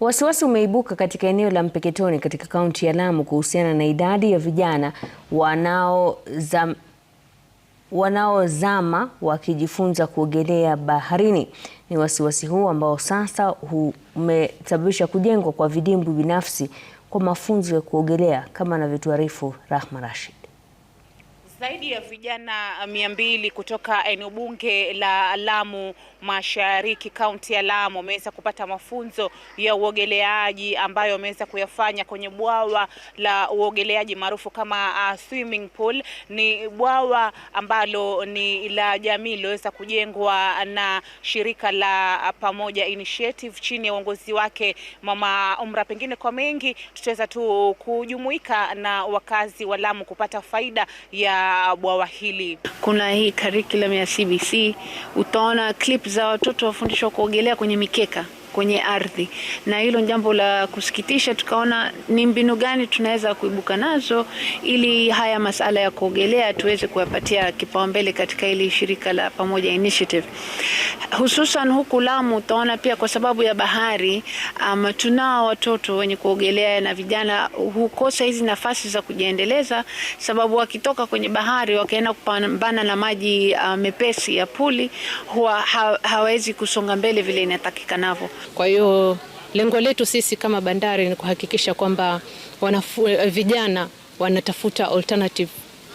Wasiwasi umeibuka katika eneo la Mpeketoni katika kaunti ya Lamu kuhusiana na idadi ya vijana wanaozama wanaozama wakijifunza kuogelea baharini. Ni wasiwasi huu ambao sasa umesababisha kujengwa kwa vidimbwi binafsi kwa mafunzo ya kuogelea kama anavyotuarifu Rahma Rashid. Zaidi ya vijana uh, mia mbili kutoka eneo bunge la Lamu Mashariki, kaunti ya Lamu wameweza kupata mafunzo ya uogeleaji ambayo wameweza kuyafanya kwenye bwawa la uogeleaji maarufu kama uh, swimming pool. Ni bwawa ambalo ni la jamii liloweza kujengwa na shirika la uh, Pamoja Initiative chini ya uongozi wake Mama Umra. Pengine kwa mengi tutaweza tu kujumuika na wakazi wa Lamu kupata faida ya bwawa hili. Kuna hii curriculum ya CBC, utaona clip za watoto wafundishwa kuogelea kwenye mikeka kwenye ardhi, na hilo jambo la kusikitisha. Tukaona ni mbinu gani tunaweza kuibuka nazo ili haya masala ya kuogelea tuweze kuyapatia kipaumbele katika hili shirika la pamoja initiative, hususan huku Lamu. Utaona pia kwa sababu ya bahari um, tunao watoto wenye kuogelea na vijana hukosa hizi nafasi za kujiendeleza, sababu wakitoka kwenye bahari wakaenda kupambana na maji uh, mepesi ya puli huwa ha, hawezi kusonga mbele vile inatakikanavyo. Kwa hiyo lengo letu sisi kama bandari ni kuhakikisha kwamba wanafu, vijana wanatafuta alternative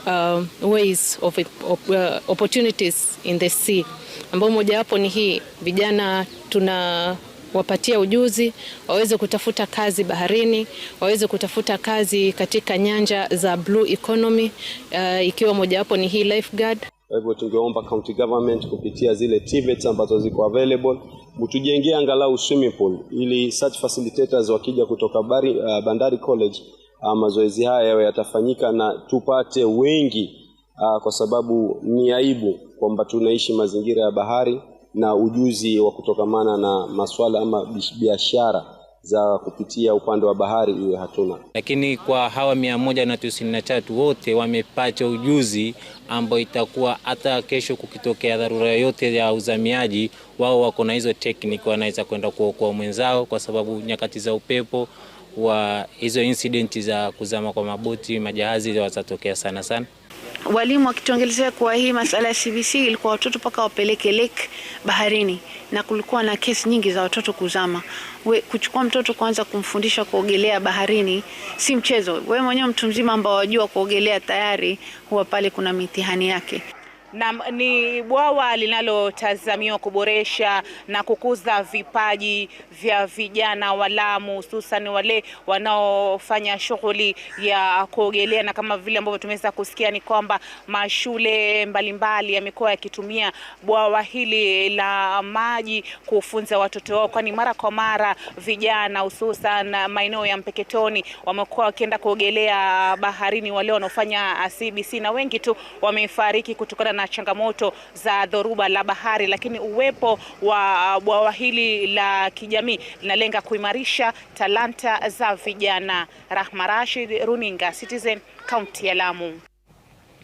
Uh, ways of, op, uh, opportunities in the sea ambao mojawapo ni hii, vijana tunawapatia ujuzi waweze kutafuta kazi baharini, waweze kutafuta kazi katika nyanja za blue economy uh, ikiwa mojawapo ni hii lifeguard. Kwa hivyo tungeomba county government kupitia zile TVETs ambazo ziko available mtujengee angalau swimming pool ili search facilitators wakija kutoka bari, uh, Bandari College uh, mazoezi haya yawe yatafanyika na tupate wengi uh, kwa sababu ni aibu kwamba tunaishi mazingira ya bahari na ujuzi wa kutokamana na masuala ama biashara za kupitia upande wa bahari iwe hatuna. Lakini kwa hawa mia moja na tisini na tatu wote wamepata ujuzi ambao itakuwa hata kesho kukitokea dharura yoyote ya uzamiaji, wao wako na hizo tekniki, wanaweza kwenda kuokoa mwenzao, kwa sababu nyakati za upepo wa hizo incidenti za kuzama kwa maboti majahazi watatokea sana sana walimu wakituongelezea kuwa hii masala ya CBC ilikuwa watoto mpaka wapeleke lake baharini, na kulikuwa na kesi nyingi za watoto kuzama. We, kuchukua mtoto kwanza kumfundisha kuogelea baharini si mchezo. Wewe mwenyewe mtu mzima ambao wajua kuogelea tayari huwa pale kuna mitihani yake. Na ni bwawa linalotazamiwa kuboresha na kukuza vipaji vya vijana wa Lamu, hususan wale wanaofanya shughuli ya kuogelea, na kama vile ambavyo tumeweza kusikia ni kwamba mashule mbalimbali yamekuwa yakitumia bwawa hili la maji kufunza watoto wao, kwani mara kwa mara vijana hususan maeneo ya Mpeketoni wamekuwa wakienda kuogelea baharini, wale wanaofanya CBC na wengi tu wamefariki kutokana na changamoto za dhoruba la bahari, lakini uwepo wa uh, bwawa hili la kijamii linalenga kuimarisha talanta za vijana. Rahma Rashid, Runinga Citizen, kaunti ya Lamu.